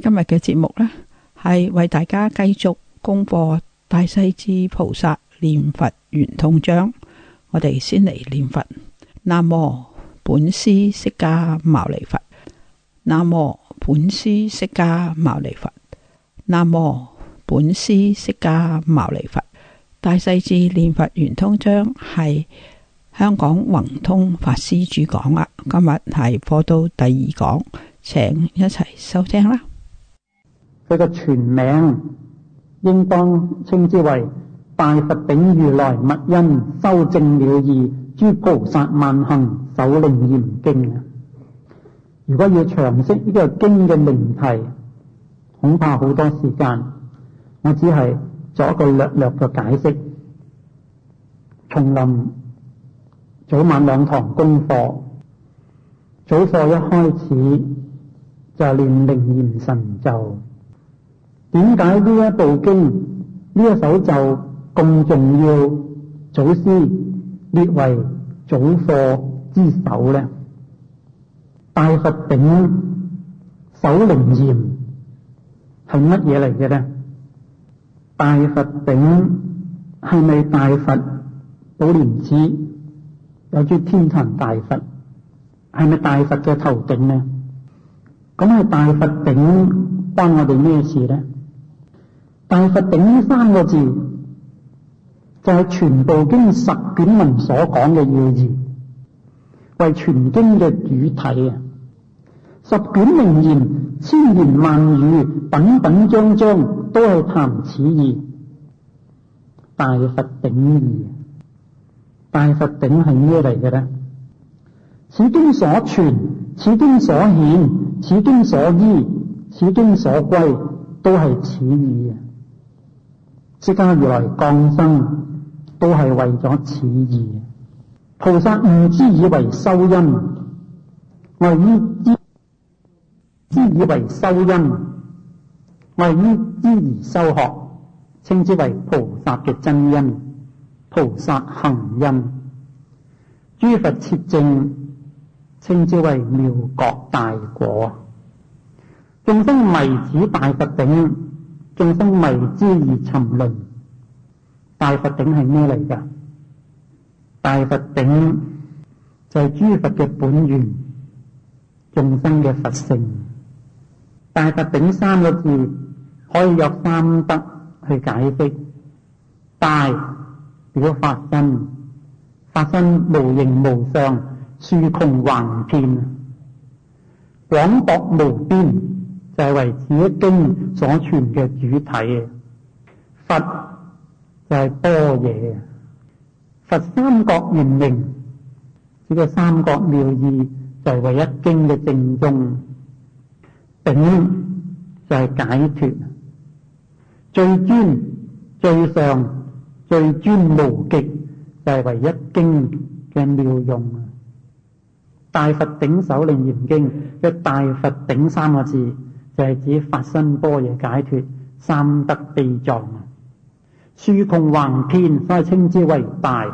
今日嘅節目呢，係為大家繼續供播《大勢至菩薩念佛圓通章》。我哋先嚟念佛：南無本師釋迦牟尼佛，南無本師釋迦牟尼佛，南無本師釋迦牟尼佛。《大勢至念佛圓通章》係香港宏通法師主講啦。今日係播到第二講，請一齊收聽啦。佢個全名應當稱之為《大佛頂如來密因修證了義諸菩薩萬行首楞嚴經》啊！如果要詳釋呢個經嘅名題，恐怕好多時間，我只係做一個略略嘅解釋。叢林早晚兩堂功課，早課一開始就係念《楞嚴神咒》。點解呢一部經、呢一首咒咁重要？祖師列為祖課之首咧。大佛頂首楞嚴係乜嘢嚟嘅咧？大佛頂係咪大佛寶蓮寺有啲天壇大佛？係咪大佛嘅頭頂咧？咁大佛頂關我哋咩事咧？大佛頂呢三個字就係、是、全部經十卷文所講嘅要義，為全經嘅主題啊。十卷名言、千言萬語、品品章章都係談此意義。大佛頂義，大佛頂係咩嚟嘅呢？此經所傳、此經所顯、此經所依、此經所歸，都係此義啊！釋迦如來降生，都係為咗此義。菩薩悟知以為修因，為於知之以為修因，為於之而修學，稱之為菩薩嘅真因。菩薩行因，諸佛切證，稱之為妙覺大果。眾生迷此大佛頂。眾生迷之而沉淪，大佛頂係咩嚟㗎？大佛頂就係諸佛嘅本源，眾生嘅佛性。大佛頂三個字可以有三德去解釋。大表法身，法身無形無相，豎窮橫遍，廣博無邊。就係為此一經所傳嘅主體嘅佛就係多嘢佛，三覺圓明，呢個三覺妙義就係為一經嘅正宗。頂就係解脫最尊最上最尊無極，就係為一經嘅妙用。大佛頂首楞嚴經嘅大佛頂三個字。就係指法身般若解脫三德秘藏啊，豎窮橫遍，所以稱之為大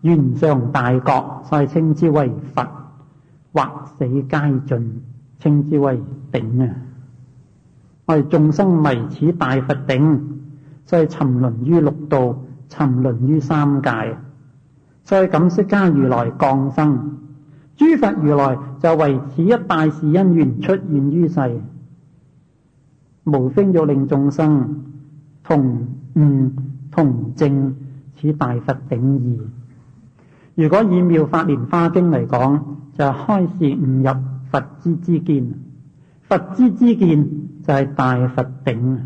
原上大覺，所以稱之為佛，惑死皆盡，稱之為頂啊！我哋眾生迷此大佛頂，所以沉淪於六道，沉淪於三界，所以感釋迦如來降生，諸佛如來就為此一大事因緣出現於世。無聲要令眾生同悟同證，此大佛頂義。如果以《妙法蓮花經》嚟講，就開示悟入佛之知見，佛之知見就係大佛頂。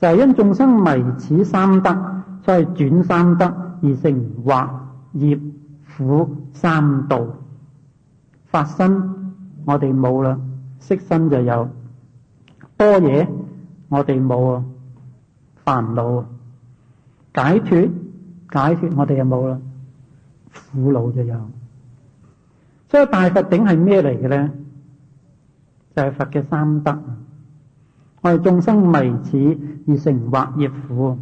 就係、是、因眾生迷此三德，所以轉三德而成惑業苦三道。法身我哋冇啦，色身就有。般若，我哋冇啊！煩惱，解脱，解脱我，我哋又冇啦。苦惱就有，所以大佛頂係咩嚟嘅咧？就係、是、佛嘅三德。我哋眾生迷此而成惑業苦，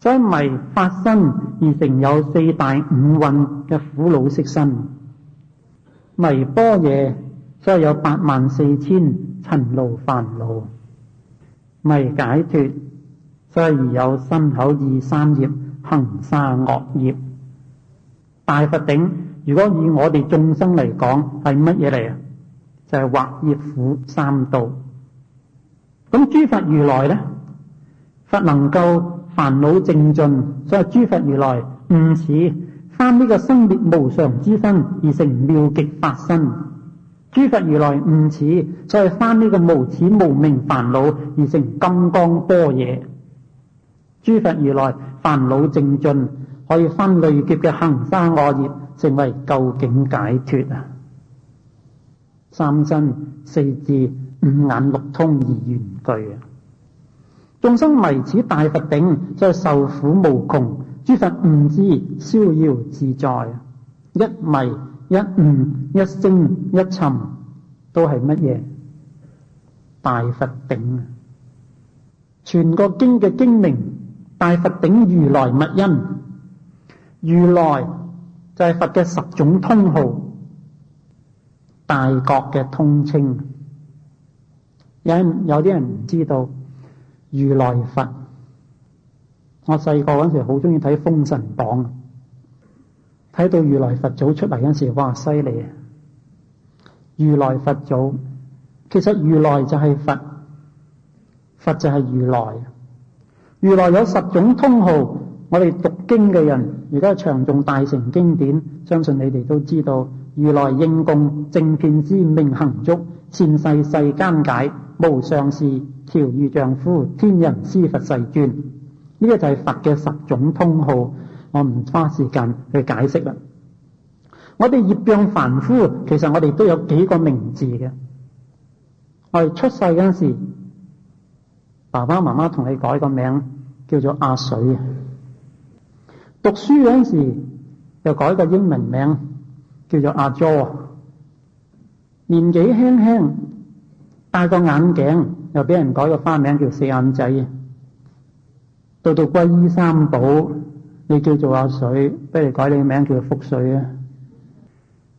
所以迷法身而成有四大五蘊嘅苦惱色身。迷般若，所以有八萬四千塵勞煩惱未解脱，所以而有身口意三業行殺惡業。大佛頂如果以我哋眾生嚟講係乜嘢嚟啊？就係、是、惑業苦三道。咁諸佛如來呢，佛能夠煩惱淨盡，所以諸佛如來悟始翻呢個生滅無常之身，而成妙極法身。諸佛如來唔始，所以翻呢個無始無明煩惱而成金剛般若。諸佛如來煩惱正盡，可以翻累劫嘅行沙惡業，成為究竟解脫啊。三身四智五眼六通而圓具啊！眾生迷此大佛頂，所以受苦無窮；諸佛悟之，逍遙自在。一迷，一悟一升一沉都係乜嘢？大佛頂，全個經嘅經名《大佛頂如來密因》，如來就係佛嘅十種通號，大覺嘅通稱。有有啲人唔知道如來佛。我細個嗰時好鍾意睇《封神榜》。睇到如來佛祖出嚟嗰時，哇，犀利啊！如來佛祖，其實如來就係佛，佛就係如來。如來有十種通號，我哋讀經嘅人，而家長重大成經典，相信你哋都知道。如來應供，正遍知明行足，前世世間解無上士，調御丈夫天人師佛世尊。呢個就係佛嘅十種通號。我唔花時間去解釋啦。我哋業障凡夫，其實我哋都有幾個名字嘅。我哋出世嗰陣時，爸爸媽媽同你改個名叫做阿水嘅。讀書嗰陣時，又改個英文名叫做阿 Jo。年紀輕輕戴個眼鏡，又俾人改個花名叫四眼仔。到到皈依三寶。你叫做阿水，不如改你個名叫做福水啊！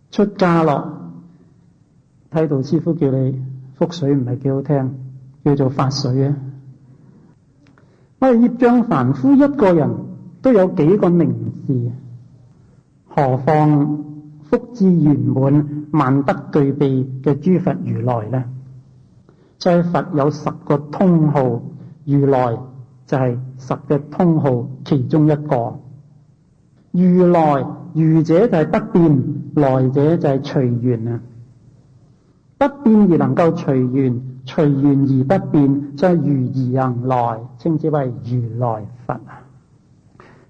出家咯，睇到師傅叫你福水唔係幾好聽，叫做法水啊！我哋業障凡夫一個人都有幾個名字，何況福智圓滿、萬德俱備嘅諸佛如來咧？即係、就是、佛有十個通號，如來。就係十個通號其中一個，如來如者就係不變，來者就係隨緣啊！不變而能夠隨緣，隨緣而不變，就係、是、如而行來，稱之為如來佛。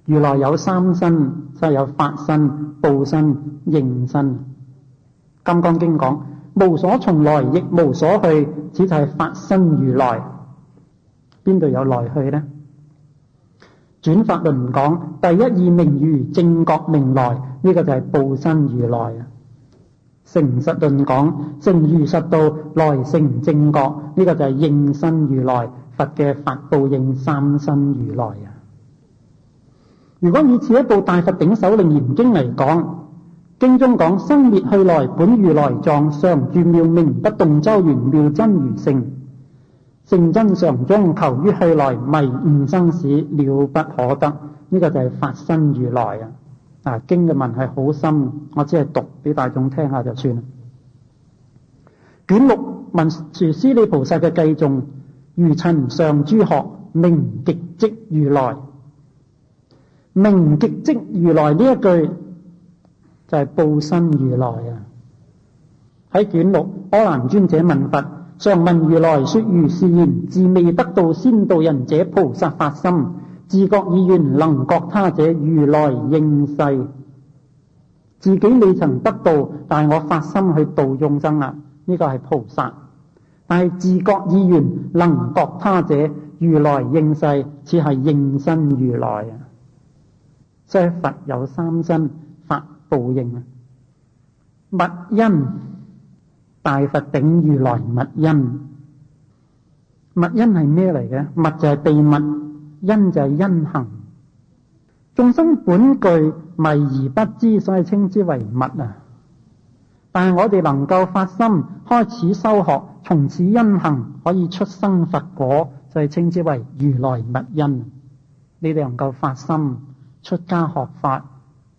如來有三身，就係、是、有法身、報身、應身。《金剛經》講：無所從來，亦無所去，只就係法身如來。邊度有來去呢？轉法輪講，第一義名如，正覺名來，呢、這個就係報身如來啊。成實論講，成如實道來，成正覺，呢、這個就係應身如來，佛嘅法報應三身如來啊。如果以此一部《大佛頂首楞嚴經》嚟講，經中講生滅去來本如來藏，常住妙明，不動周圓妙真如性。性真常中求於去來，迷悟生死了不可得。呢、這個就係法身如來啊！啊，經嘅文係好深，我只係讀俾大眾聽下就算啦。卷六文殊師利菩薩嘅偈中餘塵尚諸學，明極即，即明極即如來明極即如來，呢一句就係、是、報身如來啊！喺卷六阿難尊者問佛。常聞如來說如是言，自未得度先度人者，菩薩發心；自覺意願能覺他者，如來應世。自己未曾得度，但我發心去度眾生啦。呢、這個係菩薩，但係自覺意願能覺他者，如來應世，似係應身如來啊！即佛有三身，法報應啊，物因。大佛頂如來密因，密因係咩嚟嘅？密就係秘密，因就係因行。眾生本具迷而不知，所以稱之為密。啊。但係我哋能夠發心，開始修學，從此因行可以出生佛果，就係稱之為如來密因。你哋能夠發心出家學法，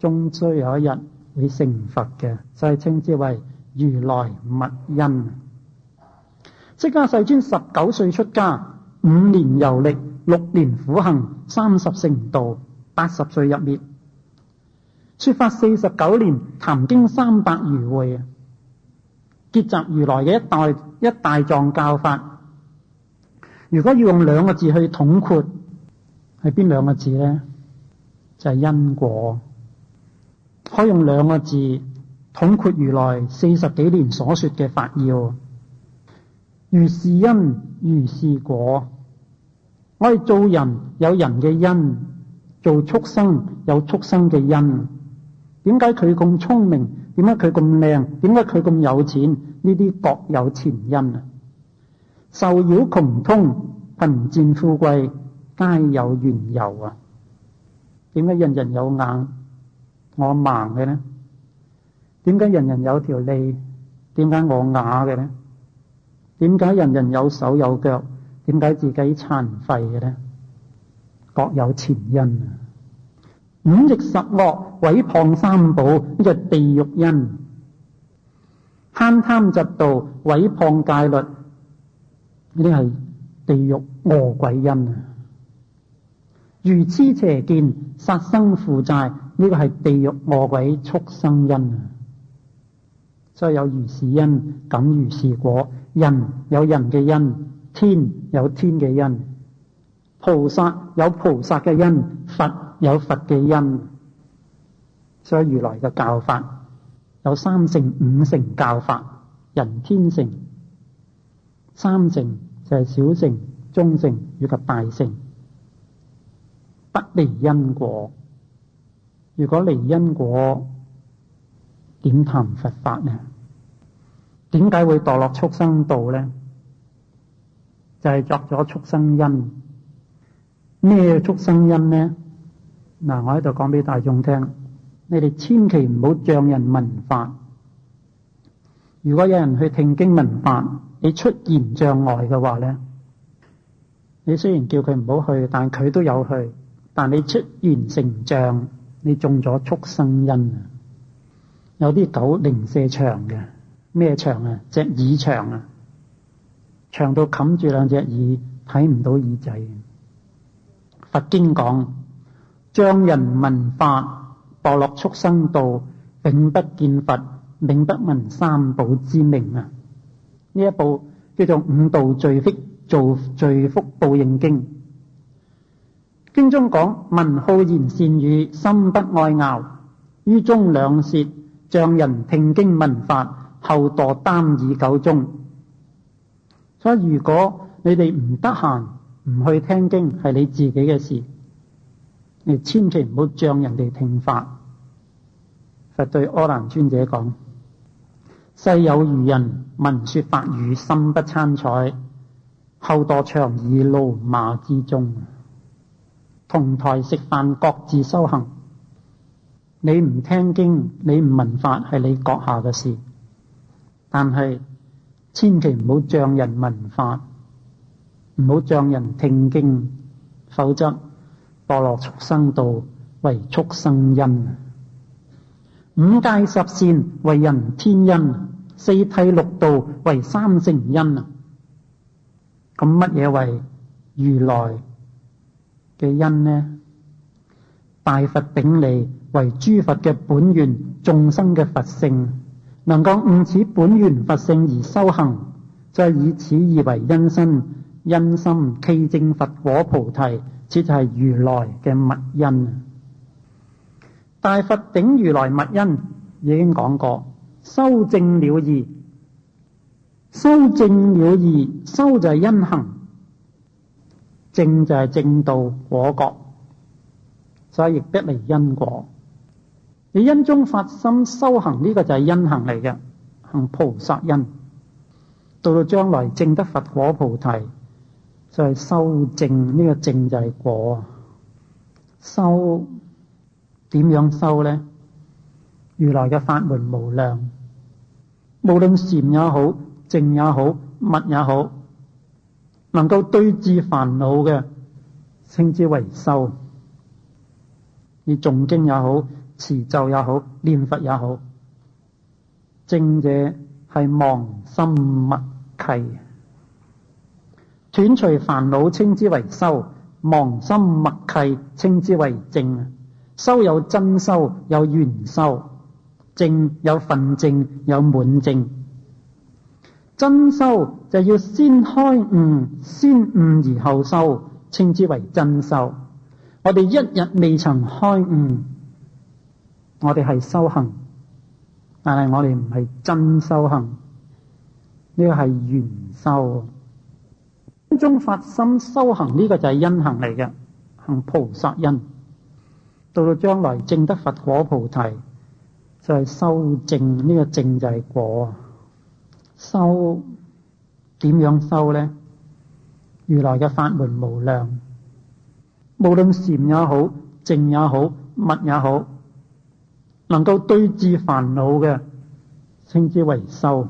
終須有一日會成佛嘅，就係稱之為。如來密因。釋迦世尊十九歲出家，五年遊歷，六年苦行，三十成道，八十歲入滅，說法四十九年，談經三百餘會啊！結集如來嘅一代一大藏教法，如果要用兩個字去統括，係邊兩個字呢？就係因果，可以用兩個字。統括如來四十幾年所說嘅法要，如是因，如是果。我哋做人有人嘅因，做畜生有畜生嘅因。點解佢咁聰明？點解佢咁靚？點解佢咁有錢？呢啲各有前因啊！壽夭窮通貧賤富貴，皆有緣由啊！點解人人有眼我盲嘅呢？點解人人有條脷？點解我啞嘅呢？點解人人有手有腳？點解自己殘廢嘅呢？各有前因啊！五逆十惡、毀謗三寶呢，就地獄因；慳貪嫉妒、毀謗戒律呢，係地獄惡鬼因啊！愚痴邪見、殺生負債呢，個係地獄惡鬼畜生因啊！都有如是因，等如是果。人有人嘅因，天有天嘅因，菩薩有菩薩嘅因，佛有佛嘅因。所以如來嘅教法有三成五成教法，人天成，三成就係小成、中成以及大成。不離因果，如果離因果，點談佛法呢？點解會墮落畜生道咧？就係、是、作咗畜生因。咩畜生因咧？嗱，我喺度講俾大眾聽，你哋千祈唔好障人聞法。如果有人去聽經聞法，你出現障礙嘅話咧，你雖然叫佢唔好去，但佢都有去。但你出現成像，你中咗畜生因啊！有啲狗零舍長嘅。咩長啊？隻耳長啊，長到冚住兩隻耳，睇唔到耳仔。佛經講，障人聞法，墮落畜生道，並不見佛，並不聞三寶之名啊。呢一部叫做《五道罪福造罪福報應經》。經中講，聞好言善語，心不愛咬，於中兩舌，障人聽經聞法。後墮擔以九宗，所以如果你哋唔得閒唔去聽經，係你自己嘅事。你千祈唔好障人哋聽法。佛對柯蘭尊者講：世有愚人聞說法語，心不參彩，後墮長耳驢馬之中。同台食飯，各自修行。你唔聽經，你唔聞法，係你閣下嘅事。但係，千祈唔好障人聞法，唔好障人聽經，否則墮落畜生道，為畜生因。五戒十善為人天因，四諦六道為三乘因。啊！咁乜嘢為如來嘅因呢？大佛頂禮為諸佛嘅本源，眾生嘅佛性。能夠悟此本源佛性而修行，就係以此義為因身、因心契證佛果菩提，這就係如來嘅密因。大佛頂如來密因已經講過，修正了義，修正了義，修就係因行，正就係正道果覺，所以亦不離因果。你因中發心修行呢個就係因行嚟嘅，行菩薩因。到到將來證得佛果菩提，就係修證呢個證就係果。修點樣修咧？如來嘅法門無量，無論禪也好，淨也好，密也好，能夠對治煩惱嘅，稱之為修。你誦經也好。持咒也好，念佛也好，正者係忘心默契，斷除煩惱，稱之為修；忘心默契，稱之為正。修有真修，有圓修；正有份正，有滿正。真修就要先開悟，先悟而後修，稱之為真修。我哋一日未曾開悟。我哋係修行，但係我哋唔係真修行。呢個係緣修，當中發心修行呢、呢個就係因行嚟嘅，行菩薩因。到到將來正得佛果菩提，就係、係、修正。呢、呢個正就係果。修點樣修呢？如來嘅法門無量，無論禪也好，正也好，物也好。能夠對治煩惱嘅，稱之為修。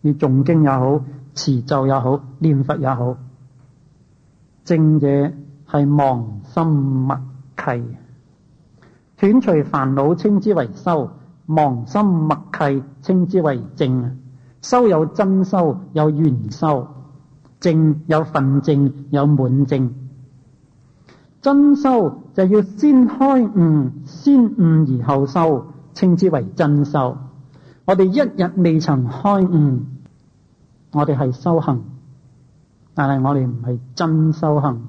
你誦經也好，持咒也好，念佛也好，正者係忘心默契，斷除煩惱，稱之為修；忘心默契，稱之為正。修有真修，有圓修；正有分正，有滿正。真修。就要先開悟，先悟而後修，稱之為真修。我哋一日未曾開悟，我哋係修行，但係我哋唔係真修行。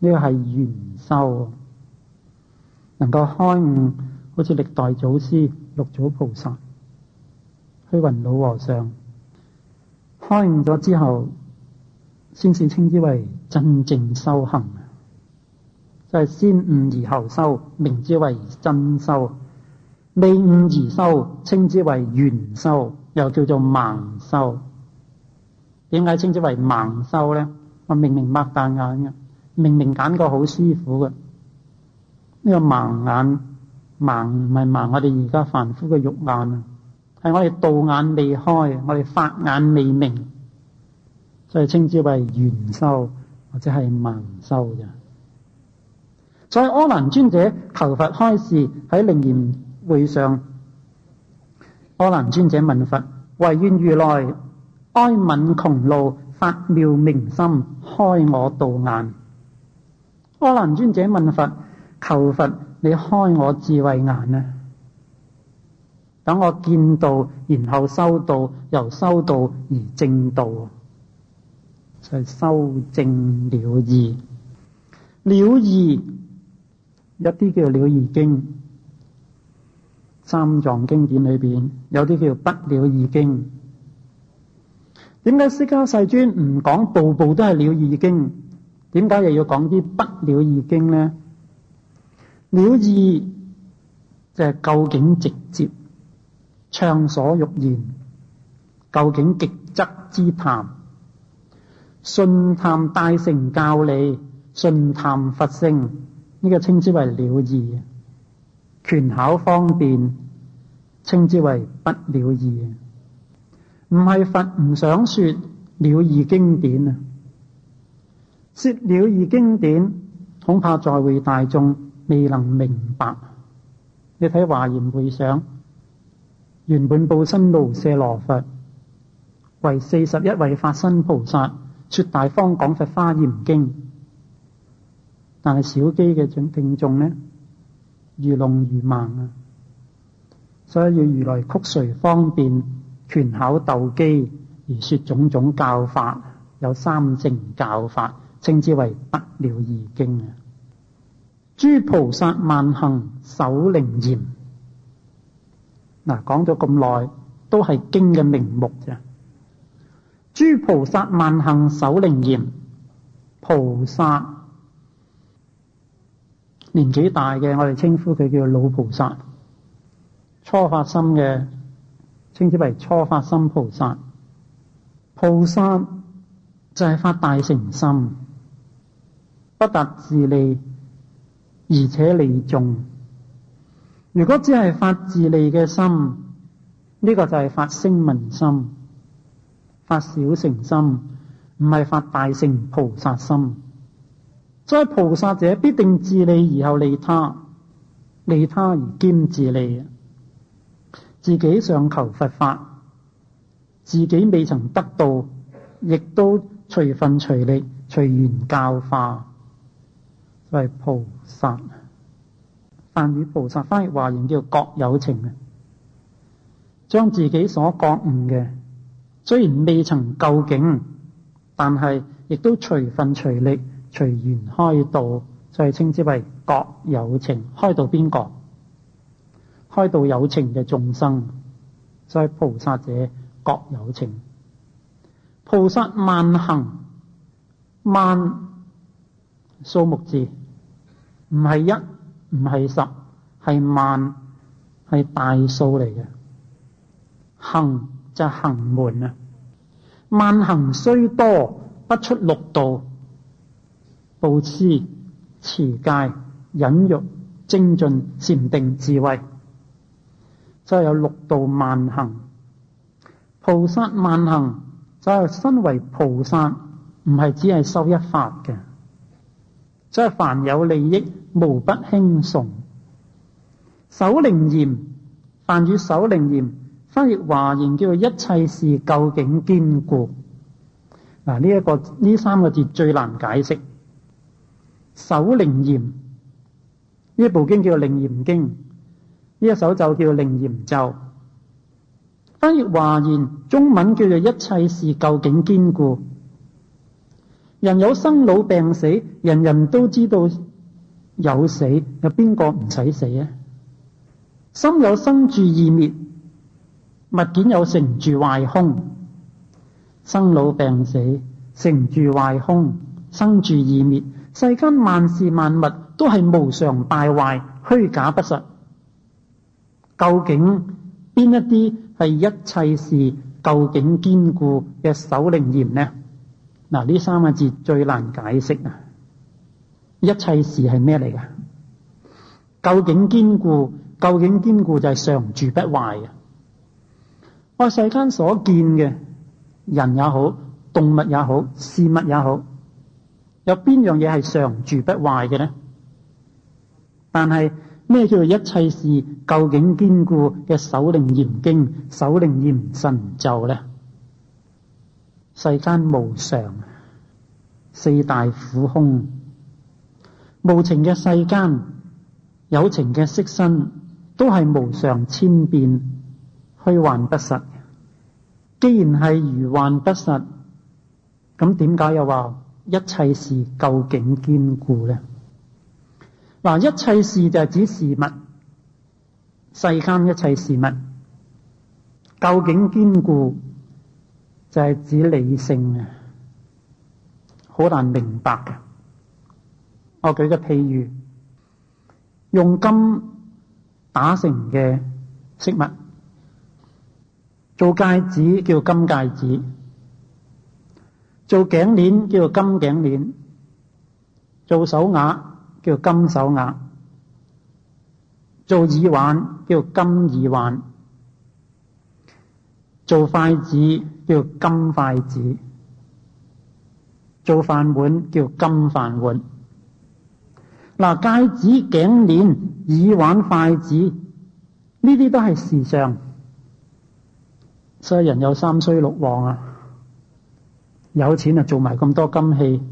呢個係緣修，能夠開悟，好似歷代祖師、六祖菩薩、虛雲老和尚，開悟咗之後，先至稱之為真正修行。就係先悟而後修，名之為真修；未悟而修，稱之為圓修，又叫做盲修。點解稱之為盲修咧？我明明擘大眼嘅，明明揀個好師傅嘅，呢、這個盲眼盲唔係盲，我哋而家凡夫嘅肉眼，啊，係我哋道眼未開，我哋法眼未明，所以稱之為圓修或者係盲修嘅。在阿難尊者求佛開示喺靈驗會上，阿難尊者問佛：唯願如來哀憫窮露，法妙明心，開我道眼。阿難尊者問佛：求佛，你開我智慧眼呢？等我見道，然後修道，由修道而正道，就是、修正了義，了義。一啲叫做了義經，三藏經典裏邊有啲叫做不了義經。點解釋迦世尊唔講部部都係了義經？點解又要講啲不了義經呢？了義即係究竟、直接，暢所欲言，究竟極則之談。信談大乘教理，信談佛性。呢個稱之為了義，權巧方便稱之為不了義，唔係佛唔想説了義經典啊！説了義經典恐怕在會大眾未能明白。你睇華嚴會上，原本報身盧舍羅佛為四十一位法身菩薩説大方廣佛華嚴經。但係小機嘅聽眾呢，如聾如盲啊，所以要如來曲垂方便，權巧鬥機而說種種教法，有三乘教法，稱之為不了義經啊。諸菩薩萬行首楞嚴，嗱講咗咁耐，都係經嘅名目啫。諸菩薩萬行首楞嚴，菩薩。年紀大嘅，我哋稱呼佢叫做老菩薩。初發心嘅，稱之為初發心菩薩。菩薩就係發大乘心，不達自利，而且利眾。如果只係發自利嘅心，呢、這個就係發聲聞心，發小乘心，唔係發大乘菩薩心。在菩薩者必定自利而後利他，利他而兼自利。自己上求佛法，自己未曾得到，亦都隨分隨力隨緣教化，為菩薩。但與菩薩翻譯華言叫覺有情嘅，將自己所覺悟嘅，雖然未曾究竟，但係亦都隨分隨力。隨緣開導，就係、是、稱之為覺有情。開導邊個？開導有情嘅眾生，就係、是、菩薩者覺有情。菩薩萬行萬數目字，唔係一，唔係十，係萬，係大數嚟嘅。行就是、行門啊！萬行雖多，不出六度。布施、持戒、忍辱、精進、禪定、智慧，即係有六度萬行。菩薩萬行就係、是、身為菩薩，唔係只係修一法嘅，即、就、係、是、凡有利益，無不輕從首楞嚴。梵語首楞嚴翻譯華言叫做一切事究竟堅固。嗱，呢、這、一個呢三個字最難解釋。首楞嚴呢一部經叫做《楞嚴經》，呢一首咒叫做《楞嚴咒》。翻譯華言，中文叫做一切事究竟堅固。人有生老病死，人人都知道有死，有邊個唔使死啊？心有生住異滅，物件有成住壞空，生老病死、成住壞空、生住異滅。世間萬事萬物都係無常敗壞、虛假不實。究竟邊一啲係一切事？究竟堅固嘅首楞嚴呢？嗱，呢三個字最難解釋啊！一切事係咩嚟嘅？究竟堅固？究竟堅固就係常住不壞嘅啊。我世間所見嘅人也好，動物也好，事物也好。有邊樣嘢係常住不壞嘅呢？但係咩叫做一切事究竟堅固嘅首楞嚴經、首楞嚴神咒呢？世間無常，四大苦空，無情嘅世間，有情嘅色身都係無常遷變、虛幻不實。既然係如幻不實，咁點解又話？一切事究竟堅固呢？嗱，一切事就係指事物，世間一切事物究竟堅固，就係指理性啊，好難明白嘅。我舉個譬喻，用金打成嘅飾物，做戒指，叫金戒指。做頸鏈叫金頸鏈，做手鐲叫金手鐲，做耳環叫金耳環，做筷子叫金筷子，做飯碗叫金飯碗。嗱，戒指、頸鏈、耳環、筷子呢啲都係時尚，所以人有三衰六旺啊。有錢啊，做埋咁多金器，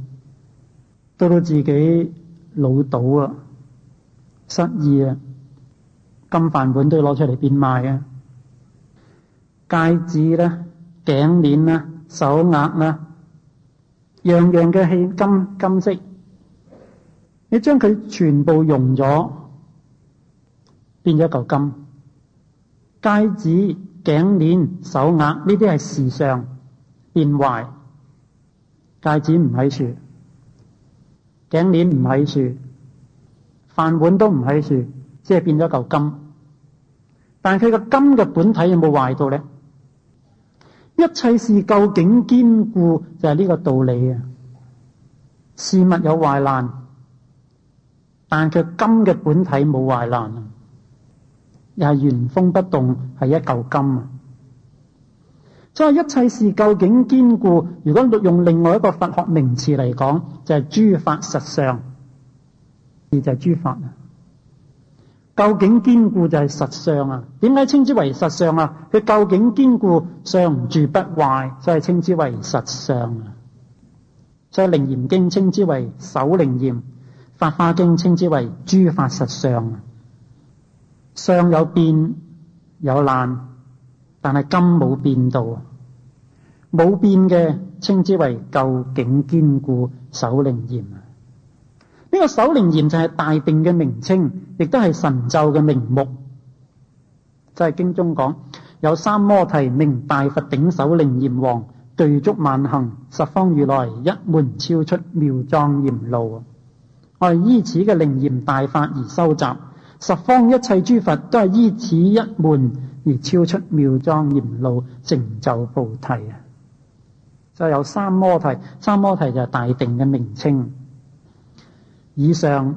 到到自己老到啊，失意啊，金飯碗都要攞出嚟變賣啊。戒指啦、頸鏈啦、手鐲啦，樣樣嘅器金金色。你將佢全部溶咗，變咗一嚿金。戒指、頸鏈、手鐲呢啲係時尚變壞。戒指唔喺處，頸鏈唔喺處，飯碗都唔喺處，即係變咗嚿金。但佢個金嘅本體有冇壞到咧？一切事究竟堅固就係呢個道理啊！事物有壞爛，但佢金嘅本體冇壞爛，又係原封不動，係一嚿金啊！所以一切事究竟堅固，如果用另外一個佛學名詞嚟講，就係、是、諸法實相，而就係、是、諸法。究竟堅固就係實相啊。點解稱之為實相啊？佢究竟堅固，常住不壞，所以稱之為實相啊。所以《楞嚴經》稱之為首楞嚴，《法華經》稱之為諸法實相啊。相有變有爛。但係金冇變到，冇變嘅稱之為究竟堅固首楞嚴啊！呢、這個首楞嚴就係大定嘅名稱，亦都係神咒嘅名目。就係、是、經中講有三摩提名大佛頂首楞嚴王具足萬行十方如來一門超出妙莊嚴路啊！我係依此嘅楞嚴大法而收集十方一切諸佛都係依此一門。而超出妙莊嚴路成就菩提啊！就有三摩提，三摩提就係大定嘅名稱。以上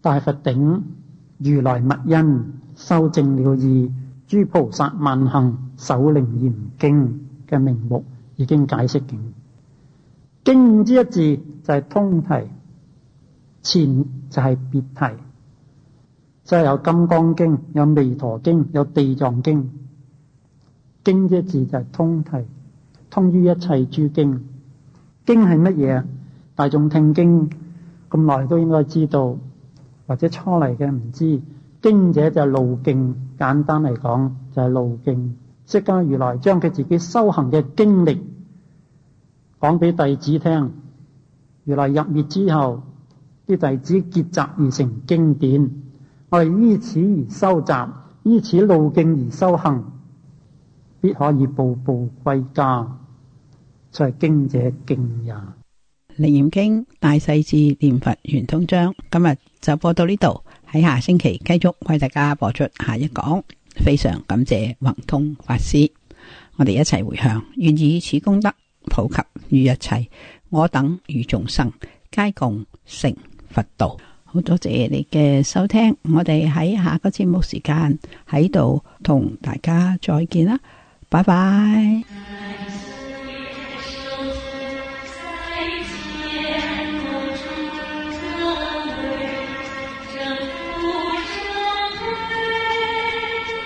大佛頂如來密因修證了義諸菩薩萬行首楞嚴經嘅名目已經解釋完。經之一字就係通題，前就係別題。即係有《金剛經》，有《彌陀經》，有《地藏經》。經呢一字就係通題，通於一切諸經。經係乜嘢？大眾聽經咁耐都應該知道，或者初嚟嘅唔知。經者就係路徑，簡單嚟講就係路徑。釋迦如來將佢自己修行嘅經歷講俾弟子聽。如來入滅之後，啲弟子結集而成經典。係依此而修習，依此路徑而修行，必可以步步歸家。才敬者敬也。《楞嚴經》大勢至念佛圓通章，今日就播到呢度，喺下星期繼續為大家播出下一講。非常感謝宏通法師，我哋一齊回向，願以此功德普及於一切，我等與眾生皆共成佛道。好多謝你嘅收聽，我哋喺下個節目時間喺度同大家再見啦，拜拜。